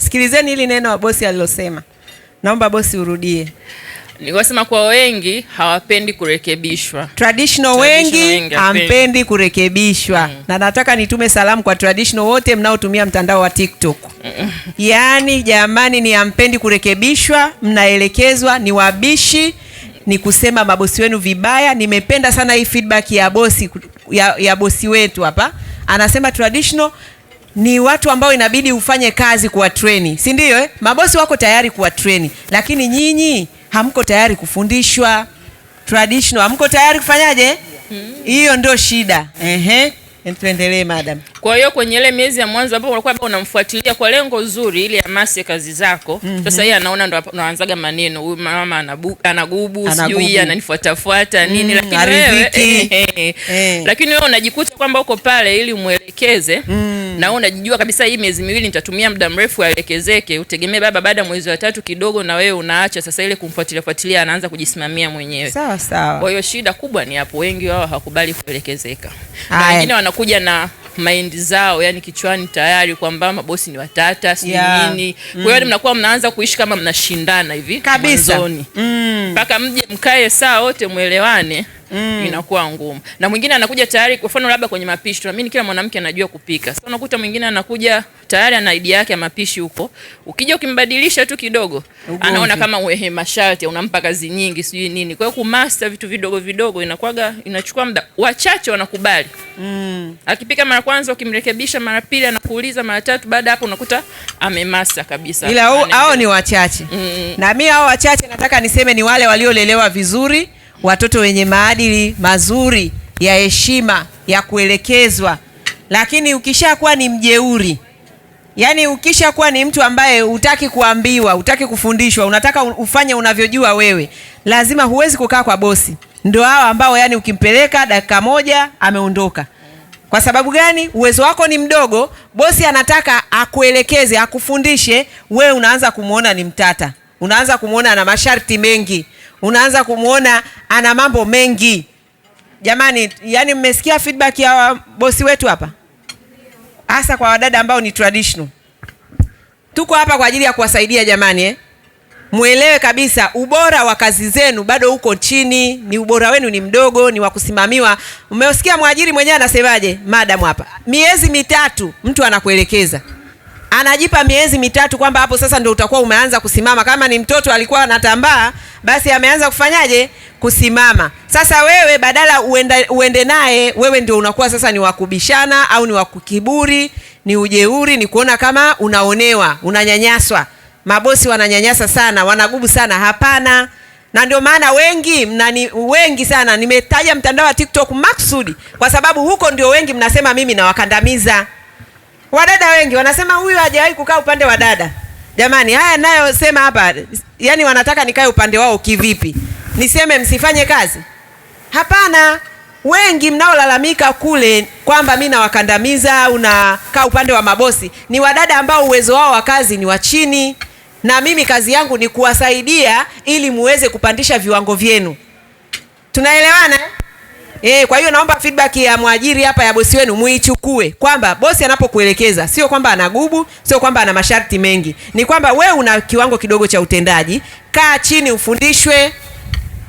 Sikilizeni hili neno wa bosi alilosema, naomba bosi urudie. Nikasema kwa wengi hawapendi kurekebishwa. Traditional, traditional wengi hampendi kurekebishwa mm. Na nataka nitume salamu kwa traditional wote mnaotumia mtandao wa TikTok mm. Yaani jamani, ni hampendi kurekebishwa, mnaelekezwa ni wabishi, ni kusema mabosi wenu vibaya. Nimependa sana hii feedback ya bosi ya, ya bosi wetu hapa anasema traditional ni watu ambao inabidi ufanye kazi kuwatreni, si ndio eh? Mabosi wako tayari kuwatreni, lakini nyinyi hamko tayari kufundishwa traditional, hamko tayari kufanyaje? Hmm. Hiyo ndio shida. Ehe, tuendelee madam. Kwa hiyo kwenye ile miezi ya mwanzo hapo unakuwa unamfuatilia kwa lengo zuri ili amase kazi zako. Mhm. Sasa Mm -hmm. yeye anaona ndo anaanzaga maneno, huyu mama anabuka, anagubu, sijui ananifuata fuata nini, mhm, lakini wewe eh, eh. lakini wewe unajikuta kwamba uko pale ili umwelekeze. Mm. Na wewe unajijua kabisa hii miezi miwili nitatumia muda mrefu aelekezeke, utegemee baba baada ya mwezi wa tatu kidogo na wewe unaacha sasa ile kumfuatilia fuatilia, anaanza kujisimamia mwenyewe. Sawa sawa. Kwa hiyo shida kubwa ni hapo, wengi wao hawakubali kuelekezeka. Wengine wanakuja na mind zao, yani kichwani tayari kwamba mabosi ni watata si yeah. nini mm. kwa hiyo mm. mnakuwa mnaanza kuishi kama mnashindana hivi kabisa mm. mpaka mm. mje mkae saa wote mwelewane mm. inakuwa ngumu. Na mwingine anakuja tayari, kwa mfano labda kwenye mapishi, tunaamini kila mwanamke anajua kupika. Sasa unakuta mwingine anakuja tayari ana idea yake ya mapishi huko, ukija ukimbadilisha tu kidogo Ugomvi. anaona kama wewe masharti unampa kazi nyingi, sijui nini. Kwa hiyo kumaster vitu vidogo vidogo inakuwaga inachukua muda, wachache wanakubali mm. akipika mara kwanza, ukimrekebisha mara pili, anakuuliza mara tatu, baada hapo unakuta amemasa kabisa, ila hao ni wachache mm. na mimi hao wachache nataka niseme ni wale waliolelewa vizuri watoto wenye maadili mazuri ya heshima ya kuelekezwa. Lakini ukishakuwa ni mjeuri, yaani ukishakuwa ni mtu ambaye hutaki kuambiwa, hutaki kufundishwa, unataka ufanye unavyojua wewe, lazima huwezi kukaa kwa bosi. Ndio hao ambao yani ukimpeleka dakika moja ameondoka. Kwa sababu gani? Uwezo wako ni mdogo, bosi anataka akuelekeze, akufundishe, wewe unaanza kumwona ni mtata, unaanza kumwona ana masharti mengi unaanza kumwona ana mambo mengi. Jamani, yani mmesikia feedback ya bosi wetu hapa, hasa kwa wadada ambao ni traditional. Tuko hapa kwa ajili ya kuwasaidia jamani, eh? Mwelewe kabisa ubora wa kazi zenu bado uko chini, ni ubora wenu ni mdogo, ni wa kusimamiwa. Umesikia mwajiri mwenyewe anasemaje, madam hapa, miezi mitatu mtu anakuelekeza anajipa miezi mitatu kwamba hapo sasa ndio utakuwa umeanza kusimama. Kama ni mtoto alikuwa anatambaa, basi ameanza kufanyaje? Kusimama. Sasa wewe badala uende, uende naye, wewe ndio unakuwa sasa ni wakubishana au ni wakukiburi, ni ujeuri, ni kuona kama unaonewa, unanyanyaswa. Mabosi wananyanyasa sana, wanagubu sana. Hapana. Na ndio maana wengi mnani, wengi sana nimetaja mtandao wa TikTok maksudi, kwa sababu huko ndio wengi mnasema mimi nawakandamiza. Wadada wengi wanasema huyu hajawahi kukaa upande wa dada. Jamani, haya nayosema hapa, yani wanataka nikae upande wao kivipi? Niseme msifanye kazi? Hapana. Wengi mnaolalamika kule kwamba mi nawakandamiza au nakaa upande wa mabosi ni wadada ambao uwezo wao wa kazi ni wa chini, na mimi kazi yangu ni kuwasaidia ili muweze kupandisha viwango vyenu. Tunaelewana? Eh? Eh, kwa hiyo naomba feedback ya mwajiri hapa ya bosi wenu muichukue kwamba bosi anapokuelekeza sio kwamba ana gubu, sio kwamba ana masharti mengi, ni kwamba we una kiwango kidogo cha utendaji, kaa chini ufundishwe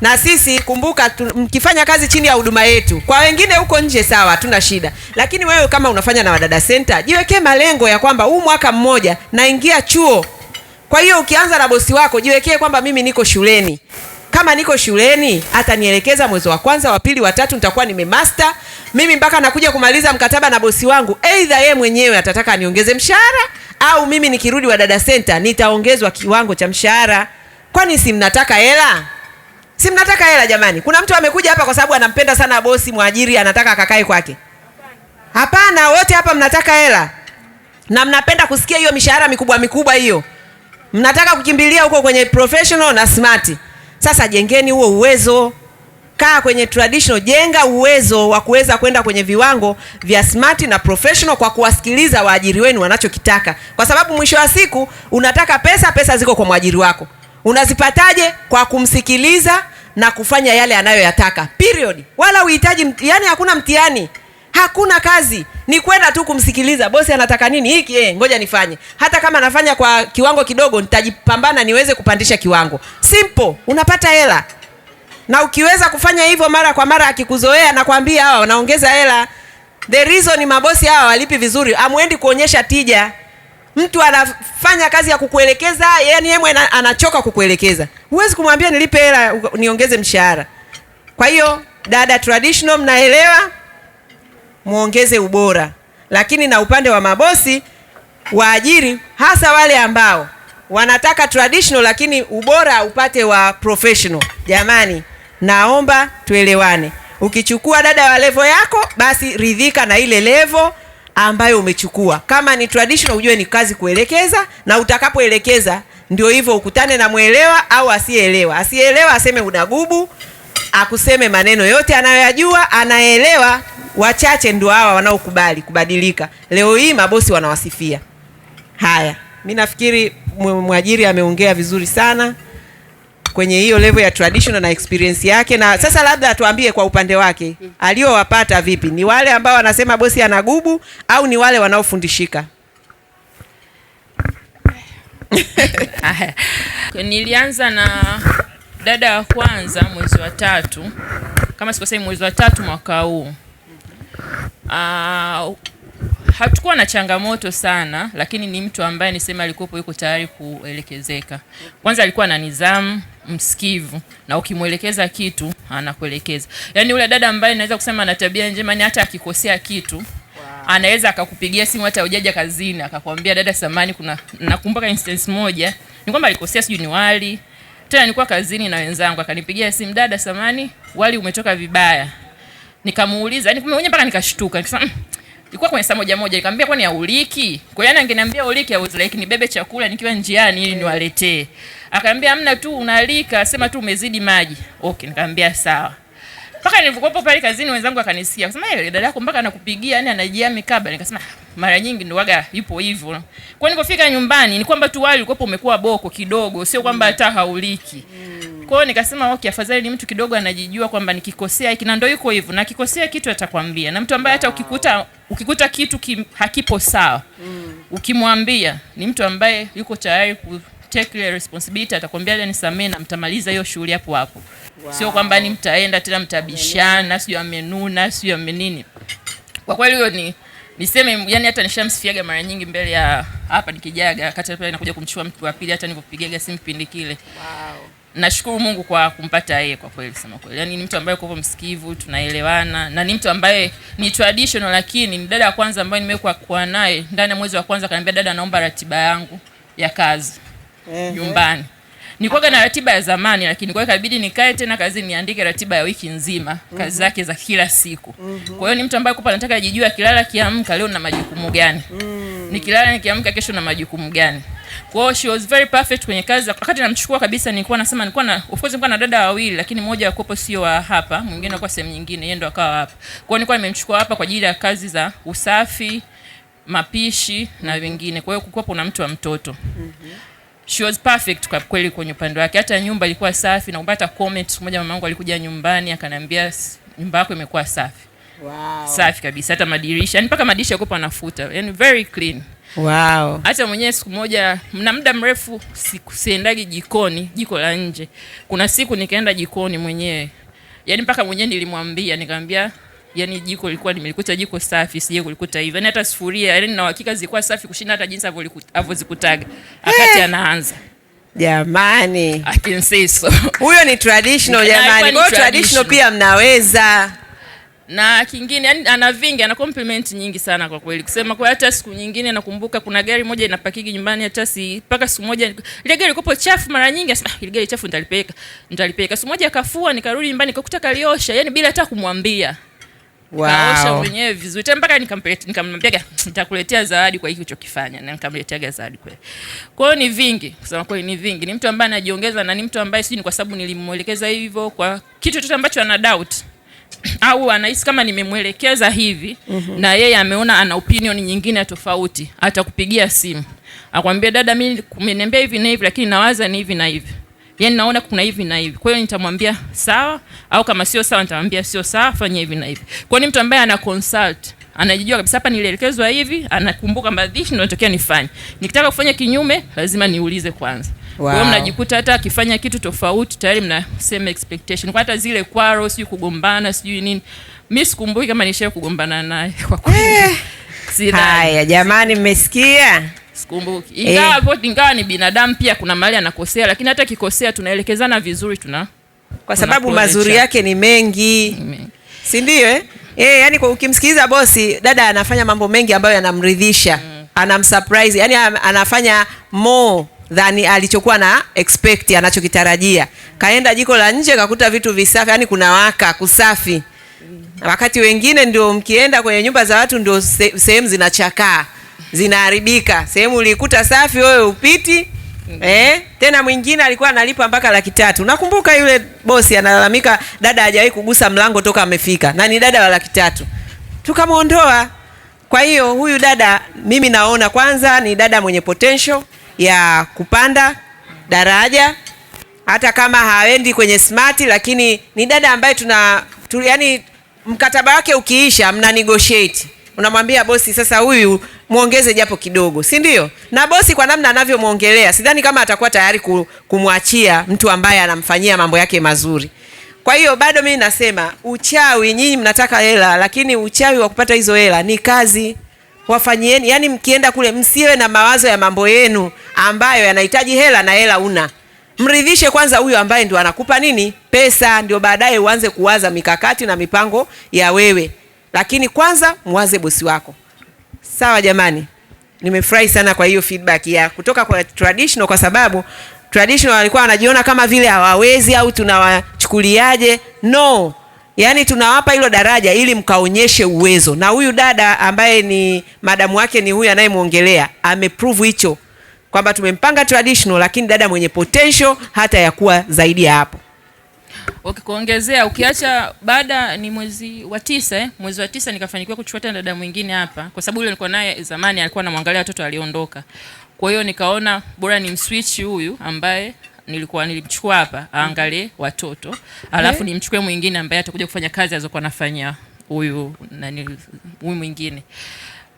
na sisi kumbuka, tu, mkifanya kazi chini ya huduma yetu, kwa wengine huko nje sawa, hatuna shida, lakini wewe kama unafanya na Wadada Center, jiwekee malengo ya kwamba huu mwaka mmoja naingia chuo. Kwa hiyo ukianza na bosi wako, jiwekee kwamba mimi niko shuleni, kama niko shuleni atanielekeza mwezi wa kwanza, wa pili, wa tatu, nitakuwa nimemaster mimi mpaka nakuja kumaliza mkataba na bosi wangu. Aidha yeye mwenyewe atataka niongeze mshahara au mimi nikirudi wa dada Center nitaongezwa kiwango cha mshahara. Kwani si mnataka hela? Si mnataka hela jamani? Kuna mtu amekuja hapa kwa sababu anampenda sana bosi mwajiri, anataka akakae kwake? Hapana, wote hapa mnataka hela na mnapenda kusikia hiyo mishahara mikubwa mikubwa hiyo, mnataka kukimbilia huko kwenye professional na smart. Sasa jengeni huo uwezo, kaa kwenye traditional, jenga uwezo wa kuweza kwenda kwenye viwango vya smart na professional kwa kuwasikiliza waajiri wenu wanachokitaka, kwa sababu mwisho wa siku unataka pesa, pesa ziko kwa mwajiri wako. Unazipataje? Kwa kumsikiliza na kufanya yale anayoyataka, period. Wala uhitaji, yani hakuna mtihani hakuna kazi, ni kwenda tu kumsikiliza bosi anataka nini hiki, eh, ngoja nifanye. Hata kama nafanya kwa kiwango kidogo, nitajipambana niweze kupandisha kiwango. Simple, unapata hela. Na ukiweza kufanya hivyo mara kwa mara, akikuzoea nakwambia, hawa wanaongeza hela. The reason mabosi hawa walipi vizuri, amwendi kuonyesha tija. Mtu anafanya kazi ya kukuelekeza, yani yeye anachoka kukuelekeza. Huwezi kumwambia nilipe hela niongeze mshahara. Kwa hiyo dada traditional, mnaelewa? muongeze ubora, lakini na upande wa mabosi waajiri, hasa wale ambao wanataka traditional lakini ubora upate wa professional. Jamani, naomba tuelewane. Ukichukua dada wa levo yako, basi ridhika na ile levo ambayo umechukua. Kama ni traditional, ujue ni kazi kuelekeza, na utakapoelekeza ndio hivyo, ukutane na mwelewa au asiyeelewa. Asiyeelewa aseme unagubu, akuseme maneno yote anayoyajua, anaelewa wachache ndio hawa wanaokubali kubadilika. Leo hii mabosi wanawasifia. Haya, mi nafikiri mwajiri ameongea vizuri sana kwenye hiyo level ya traditional na experience yake, na sasa labda atuambie kwa upande wake aliyowapata vipi, ni wale ambao wanasema bosi anagubu au ni wale wanaofundishika? Nilianza na dada wa kwanza mwezi wa tatu, kama sikosei, mwezi wa tatu mwaka huu. Uh, hatukuwa na changamoto sana, lakini ni mtu ambaye nisema alikuwepo yuko tayari kuelekezeka. Kwanza alikuwa na nidhamu, msikivu, na ukimwelekeza kitu anakuelekeza. Yaani yule dada ambaye naweza kusema ana tabia njema, ni hata akikosea kitu anaweza akakupigia simu hata ujaja kazini, akakwambia dada, samani, kuna nakumbuka instance moja ni kwamba alikosea sijui ni wali tena, nilikuwa kazini na wenzangu, akanipigia simu, dada, samani, wali umetoka vibaya Nikamuuliza, yani mwenyewe mpaka nikashtuka. Nikasema mm, ilikuwa kwenye saa moja moja, nikamwambia kwani auliki? Kwa hiyo angeniambia uliki, I was like nibebe chakula nikiwa njiani ili niwaletee. Akaambia hamna tu unalika, sema tu umezidi maji. Okay, nikamwambia sawa mpaka nilivyokuwepo pale kazini wenzangu akanisikia akasema hey, eh, dada yako mpaka anakupigia yani anajia mikaba. Nikasema ah, mara nyingi ndo waga yupo hivyo. Kwa nilipofika nyumbani ni kwamba tu wali ulikuwa umekuwa boko kidogo, sio kwamba hata hauliki. Kwa hiyo nikasema okay, afadhali ni mtu kidogo anajijua kwamba nikikosea hiki na ndio yuko hivyo, na kikosea kitu atakwambia, na mtu ambaye hata ukikuta ukikuta kitu ki, hakipo sawa mm, ukimwambia, ni mtu ambaye yuko tayari take ile responsibility, atakwambia ile nisamee na mtamaliza hiyo shughuli hapo hapo. Wow. Sio kwamba ni mtaenda tena mtabishana, sio amenuna, sio amenini. Kwa kweli hiyo ni niseme yani, hata nishamsifiaga mara nyingi mbele ya hapa nikijaga, wakati pale nakuja kumchukua mtu wa pili, hata nilipopigaga simu pindi kile. Wow. Nashukuru Mungu kwa kumpata yeye kwa kweli, sema kweli. Yaani ni mtu ambaye kwa msikivu, tunaelewana na ni mtu ambaye ni traditional, lakini ni dada ya kwanza ambaye nimekuwa kwa naye ndani ya mwezi wa kwanza, kaniambia dada, naomba ratiba yangu ya kazi nyumbani. Eh, nilikuwa na ratiba ya zamani, lakini kwa ikabidi nikae tena kazi niandike ratiba ya wiki nzima kazi mhm. zake za kila siku. Mhm. Kwa hiyo ni mtu ambaye kupa nataka ajijue akilala kiamka leo na majukumu gani. Mm. Nikilala nikiamka kesho na majukumu gani. Kwa hiyo she was very perfect kwenye kazi. Wakati namchukua kabisa nilikuwa nasema nilikuwa na of course nilikuwa na dada wawili lakini mmoja akopo sio wa hapa, mwingine mm. alikuwa sehemu nyingine, yeye ndo akawa hapa. Kwa hiyo nilikuwa nimemchukua hapa kwa ajili ya kazi za usafi, mapishi na vingine. Mm-hmm. Kwa hiyo kukuwa kuna mtu wa mtoto. Mm -hmm she was perfect kwa kweli kwenye upande wake, hata nyumba ilikuwa safi. Na hata comment siku mama yangu alikuja nyumbani akaniambia nyumba yako imekuwa safi. Wow. Safi kabisa, hata madirisha yani mpaka madirisha yako panafuta, yani very clean. Wow. Hata mwenyewe siku moja, mna muda mrefu siendagi jikoni, jiko la nje. Kuna siku nikaenda jikoni mwenyewe, yani mpaka mwenyewe nilimwambia, nikamwambia yani jiko lilikuwa nimelikuta jiko safi, sije kulikuta hivyo, yani hata sufuria, yani na uhakika zilikuwa safi kushinda hata jinsi alivyozikutaga akati eh! anaanza. Jamani, I can say so. Huyo ni traditional jamani, kwa traditional pia mnaweza na kingine yani, ana vingi, ana compliment nyingi sana kwa kweli, kusema kwa hata siku nyingine nakumbuka kuna gari moja inapakiki nyumbani, hata si paka siku moja ile gari ilikuwa chafu, mara nyingi asema ah, ile gari chafu, nitalipeka nitalipeka. Siku moja akafua, nikarudi nyumbani nikakuta kaliosha, yani bila hata kumwambia nikaosha mwenyewe vizuri tena mpaka nikamwambia nitakuletea zawadi kwa hiki ulichokifanya, na nikamletea zawadi kweli. Kwa hiyo ni vingi, kusema kweli ni vingi. Ni mtu ambaye anajiongeza na ni mtu ambaye sijui ni kwa sababu nilimwelekeza hivyo kwa kitu chochote ambacho ana doubt au anahisi kama nimemwelekeza hivi mm -hmm. na yeye ameona ana opinion nyingine tofauti, atakupigia simu akwambia, dada, mimi umeniambia hivi na hivi, lakini nawaza ni hivi na hivi yani naona kuna hivi na hivi. Kwa hiyo nitamwambia sawa, au kama sio sawa nitamwambia sio sawa, fanya hivi na hivi. Kwa ni mtu ambaye ana consult, anajijua kabisa hapa nilielekezwa hivi, anakumbuka madhishi ndio natokea nifanye. Nikitaka kufanya kinyume lazima niulize kwanza. Wow. Kwa hiyo mnajikuta hata akifanya kitu tofauti tayari mna same expectation. Kwa hata zile kwaro, sijui kugombana, sijui nini. Mimi sikumbuki kama nishaye kugombana naye kwa kweli. Eh. Haya, jamani mmesikia? sikumbuki, ingawa e, ingawa ni binadamu pia, kuna mali anakosea, lakini hata kikosea tunaelekezana vizuri, tuna kwa sababu mazuri yake ni mengi, si ndio eh? Eh, yani kwa ukimsikiliza bosi, dada anafanya mambo mengi ambayo yanamridhisha mm. Anamsurprise, yani anafanya more dhani alichokuwa na expect, anachokitarajia. Kaenda jiko la nje kakuta vitu visafi, yani kuna waka kusafi, mm. wakati wengine ndio mkienda kwenye nyumba za watu ndio sehemu zinachakaa zinaharibika. Sehemu ulikuta safi, wewe upiti Mm -hmm. Eh, tena mwingine alikuwa analipa mpaka laki tatu. Nakumbuka yule bosi analalamika dada hajawahi kugusa mlango toka amefika, na ni dada wa laki tatu, tukamwondoa. Kwa hiyo huyu dada mimi naona kwanza ni dada mwenye potential ya kupanda daraja, hata kama haendi kwenye smart, lakini ni dada ambaye tuna tu, yani mkataba wake ukiisha mna negotiate unamwambia bosi, sasa huyu muongeze japo kidogo, si ndio? Na bosi kwa namna anavyomwongelea, sidhani kama atakuwa tayari kumwachia mtu ambaye anamfanyia mambo yake mazuri. Kwa hiyo bado mimi nasema uchawi, nyinyi mnataka hela, lakini uchawi wa kupata hizo hela ni kazi. Wafanyieni, yani mkienda kule msiwe na mawazo ya mambo yenu ambayo yanahitaji hela na hela una mridhishe kwanza huyo ambaye ndio anakupa nini pesa, ndio baadaye uanze kuwaza mikakati na mipango ya wewe lakini kwanza mwaze bosi wako. Sawa jamani, nimefurahi sana kwa hiyo feedback ya kutoka kwa traditional, kwa sababu traditional walikuwa wanajiona kama vile hawawezi au tunawachukuliaje. No, yaani tunawapa hilo daraja ili mkaonyeshe uwezo, na huyu dada ambaye ni madamu wake ni huyu anayemwongelea ameprove hicho kwamba tumempanga traditional, lakini dada mwenye potential hata ya kuwa zaidi ya hapo. Okay, ukiacha baada ni mwezi wa tisa eh? Mwezi wa tisa nikafanikiwa kuchukua tena dada mwingine hapa, kwa sababu yule nilikuwa naye zamani alikuwa anamwangalia watoto, aliondoka. Kwa hiyo nikaona bora ni mswitch huyu ambaye nilikuwa nilimchukua hapa aangalie watoto, alafu okay, eh? nimchukue mwingine ambaye atakuja kufanya kazi alizokuwa anafanya huyu nani, huyu mwingine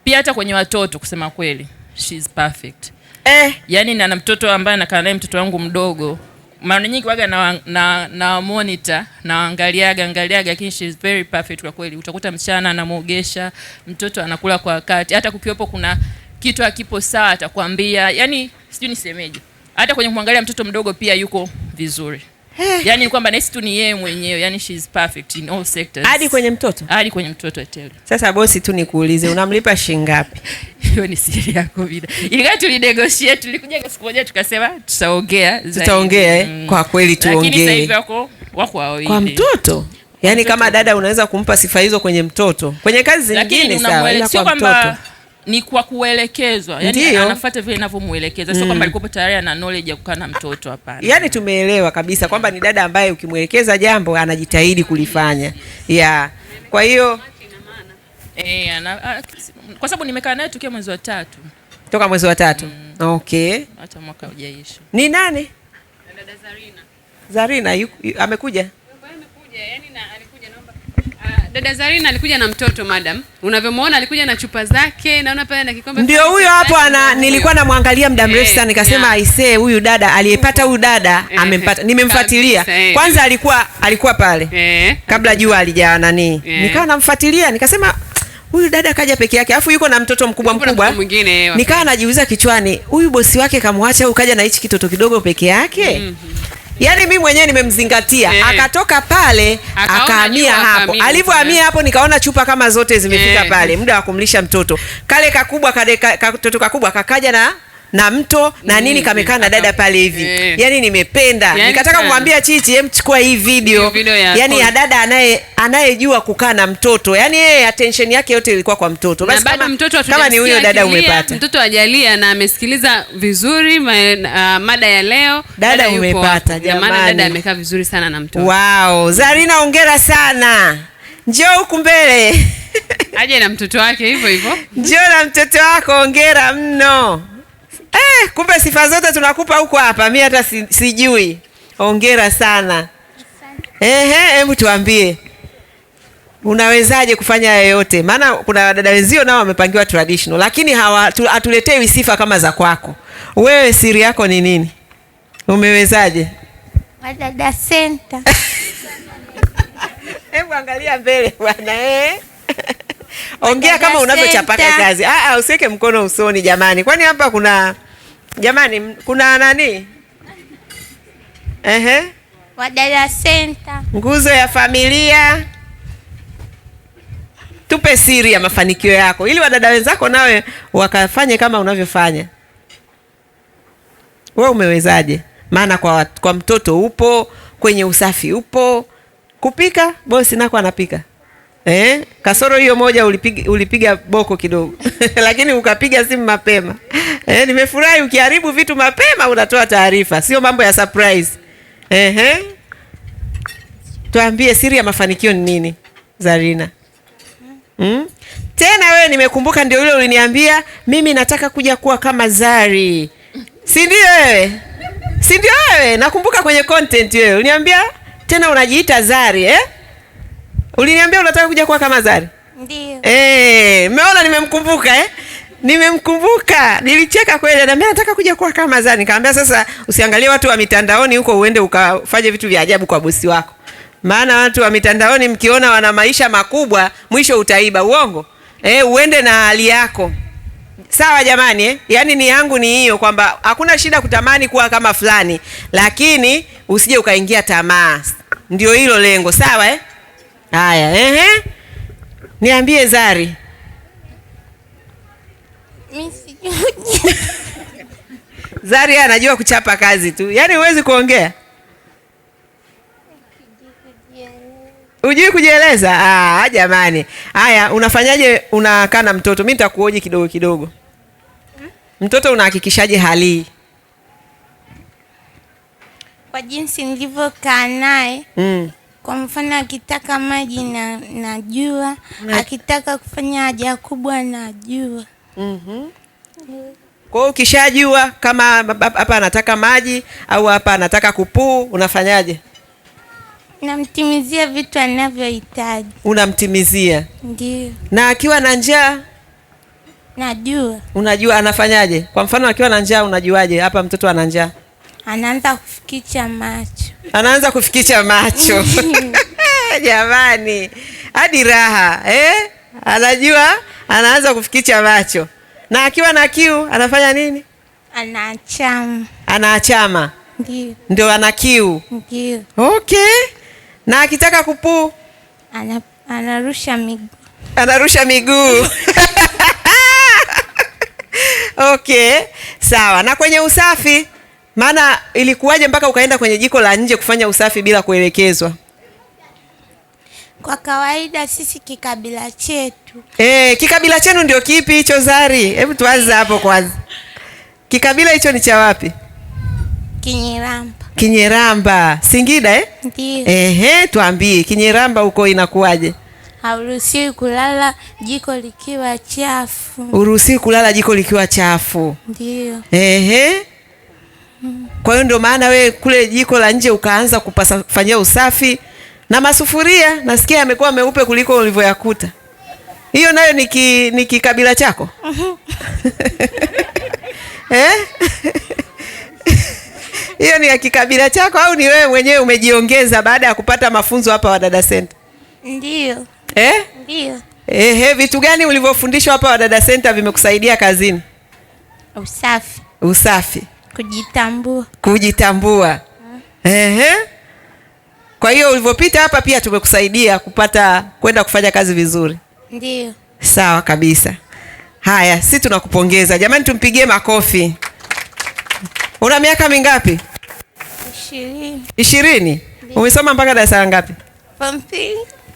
pia. Hata kwenye watoto kusema kweli, she's perfect eh, yani na mtoto ambaye anakaa naye mtoto wangu mdogo mara nyingi waga na, na, na monitor na angaliaga, lakini she is very perfect kwa kweli. Utakuta msichana anamuogesha mtoto anakula kwa wakati, hata kukiwepo kuna kitu akipo sawa atakwambia. Yani sijui nisemeje, hata kwenye kumwangalia mtoto mdogo pia yuko vizuri. Eh. yani kwamba nahisi tu ni yeye mwenyewe, yani she is perfect in all sectors, hadi kwenye mtoto, hadi kwenye mtoto. I tell you. Sasa bosi tu nikuulize, unamlipa shilingi ngapi? hiyo ni siri yako vida, ingawa tulinegotiate, tulikuja siku moja tukasema tutaongea, tutaongea eh? mm. Kwa kweli tuongee, lakini sasa hivi wako wako wawili kwa mtoto yaani, kama dada unaweza kumpa sifa hizo kwenye mtoto, kwenye kazi zingine sawa, ila kwa mtoto ni kwa kuelekezwa, yani anafuata vile inavyomwelekeza, sio mm. kwamba alikuwa tayari ana knowledge ya kukaa na mtoto hapana. Yani tumeelewa kabisa kwamba ni dada ambaye ukimwelekeza jambo anajitahidi kulifanya yeah. Kwa hiyo eh, ana, kwa sababu nimekaa naye tukia mwezi wa tatu toka mwezi wa tatu mm. okay. hata mwaka hujaisha. Ni nani dada Zarina? Zarina amekuja amekuja yani na, dada Zarina alikuja na mtoto madam, unavyomwona alikuja na chupa zake, naona pale na kikombe. Ndio huyo hapo ana, nilikuwa namwangalia muda mrefu eh, sana, nikasema aisee, huyu dada aliyepata huyu dada eh, eh. amempata. Nimemfuatilia kwanza, alikuwa alikuwa pale kabla jua alijaa nani, nikawa namfuatilia nikasema huyu dada kaja peke yake, alafu yuko na mtoto mkubwa mkubwa. Nikawa najiuliza kichwani, huyu bosi wake kamwacha au kaja na hichi kitoto kidogo peke yake? mm -hmm yani mi mwenyewe nimemzingatia e. Akatoka pale akahamia hapo, alivyohamia hapo nikaona chupa kama zote zimefika e. Pale muda wa kumlisha mtoto kale kakubwa kade, katoto kakubwa kakaja na na mto na mm. nini kamekaa na dada pale hivi yeah. Yani nimependa yeah, yaani nikataka kumwambia Chichi em, chukua hii video, video ya yani ya dada anaye anayejua kukaa na mtoto yani yeye attention yake yote ilikuwa kwa mtoto. Basi kama, mtoto kama ni huyo dada umepata mtoto ajalia na amesikiliza vizuri ma, uh, mada ya leo dada, dada umepata jamani, dada amekaa vizuri sana na mtoto wow. Zarina hongera sana, njoo huku mbele aje na mtoto wake hivyo hivyo, njoo na mtoto wako, hongera mno. Eh, kumbe sifa zote tunakupa huko hapa, mi hata si, sijui. Hongera sana. Ehe, hebu tuambie unawezaje kufanya yoyote, maana kuna wadada wenzio nao wamepangiwa traditional, lakini hatuletewi sifa kama za kwako wewe. Siri yako ni nini? Umewezaje? Wadada Center. Hebu angalia mbele bwana eh. ongea kama unavyochapaka kazi. Ah ah, usiweke mkono usoni jamani, kwani hapa kuna jamani, kuna nani? Ehe, Wadada Center, nguzo ya familia. Tupe siri ya mafanikio yako ili wadada wenzako nawe wakafanye kama unavyofanya wewe. Umewezaje? Maana kwa, kwa mtoto upo, kwenye usafi upo, kupika bosi nako anapika eh? Kasoro hiyo moja ulipiga, ulipiga boko kidogo lakini ukapiga simu mapema eh, nimefurahi. Ukiharibu vitu mapema unatoa taarifa, sio mambo ya surprise Ehe. Tuambie siri ya mafanikio ni nini Zarina? Mm? Tena wewe nimekumbuka, ndio yule uliniambia mimi nataka kuja kuwa kama Zari, si ndio wewe? Si ndio wewe? Nakumbuka kwenye content wewe uliniambia tena unajiita Zari eh? Uliniambia unataka kuja kwa Kamazari? Zari? Ndio. Eh, mmeona nimemkumbuka eh? Nimemkumbuka. Nilicheka kweli, ananiambia nataka kuja kwa Kamazari. Nikamwambia sasa usiangalie watu wa mitandaoni huko uende ukafanye vitu vya ajabu kwa bosi wako. Maana watu wa mitandaoni mkiona wana maisha makubwa, mwisho utaiba uongo. Eh, uende na hali yako. Sawa jamani eh? Yaani ni yangu ni hiyo kwamba hakuna shida kutamani kuwa kama fulani, lakini usije ukaingia tamaa. Ndio hilo lengo, sawa eh? Haya, ehe, niambie Zari. Zari anajua kuchapa kazi tu, yaani huwezi kuongea, hujui kujieleza. Ah, jamani. Haya, unafanyaje? Unakaa na mtoto, mi nitakuoji kidogo kidogo. Mtoto unahakikishaje hali kwa jinsi nilivyokaa naye mm. Kwa mfano akitaka maji na najua, akitaka kufanya haja kubwa najua. mm-hmm. Kwa hiyo ukishajua kama hapa anataka maji au hapa anataka kupuu, unafanyaje? Namtimizia vitu anavyohitaji. Unamtimizia? Ndio. Na akiwa na njaa najua. Unajua anafanyaje? Kwa mfano akiwa na njaa unajuaje hapa mtoto ana njaa? anaanza kufikicha macho, anaanza kufikisha macho jamani, hadi raha eh? Anajua anaanza kufikicha macho, na akiwa na kiu anafanya nini? Anaachama, anaachama ndio, ndio ana kiu ndio. Okay, na akitaka kupuu ana, anarusha miguu, anarusha miguu okay, sawa. Na kwenye usafi maana ilikuwaje mpaka ukaenda kwenye jiko la nje kufanya usafi bila kuelekezwa? Kwa kawaida sisi kikabila chetu e, kikabila chenu ndio kipi hicho Zari? Hebu tuanze hapo kwanza, kikabila hicho ni cha wapi? Kinyeramba. Kinyeramba Singida eh? Ndiyo. Ehe, tuambie Kinyeramba huko inakuwaje? Hauruhusiwi kulala jiko likiwa chafu. Uruhusiwi kulala jiko likiwa chafu. Ndiyo. Ehe. Kwa hiyo ndio maana we kule jiko la nje ukaanza kufanyia usafi na masufuria nasikia yamekuwa meupe kuliko ulivyoyakuta. Hiyo nayo ni ki, ni kikabila chako eh? hiyo ni ya kikabila chako au ni wewe mwenyewe umejiongeza baada ya kupata mafunzo hapa Wadada Center? Ndio. Eh? Ndio. Eh, vitu gani ulivyofundishwa hapa Wadada Center vimekusaidia kazini? Usafi. Usafi. Kujitambua, kujitambua. Hmm. Ehe. Kwa hiyo ulivyopita hapa pia tumekusaidia kupata kwenda kufanya kazi vizuri. Ndio. Sawa kabisa. Haya, si tunakupongeza jamani, tumpigie makofi. Una miaka mingapi? ishirini. Ishirini? Umesoma mpaka darasa la ngapi? Form three.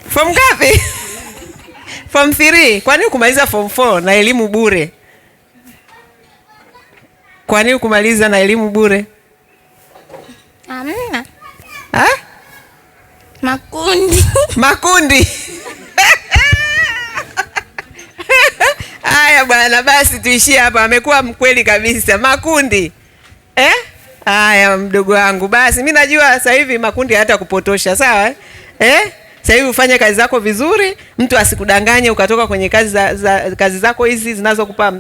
Form ngapi? Form three. Kwani ukumaliza form four na elimu bure? Kwa nini kumaliza na elimu bure? Amna. Ha? Makundi. Makundi. Haya bwana, basi tuishie hapa. Amekuwa mkweli kabisa. Makundi. Eh? Haya mdogo wangu. Basi mimi najua sasa hivi makundi hata kupotosha, sawa? Eh? eh? Sasa hivi ufanye kazi zako vizuri, mtu asikudanganye ukatoka kwenye kazi za, za kazi zako hizi zinazokupa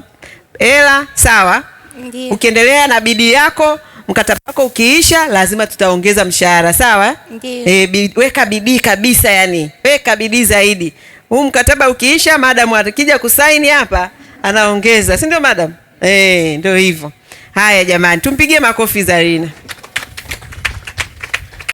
hela, sawa? Ndiyo. Ukiendelea na bidii yako mkataba wako ukiisha, lazima tutaongeza mshahara sawa. E, eh, bid, weka bidii kabisa, yani weka bidii zaidi. Huu mkataba ukiisha, madam akija kusaini hapa anaongeza, si ndio madam? E, ndio hivyo. Haya jamani, tumpigie makofi Zarina.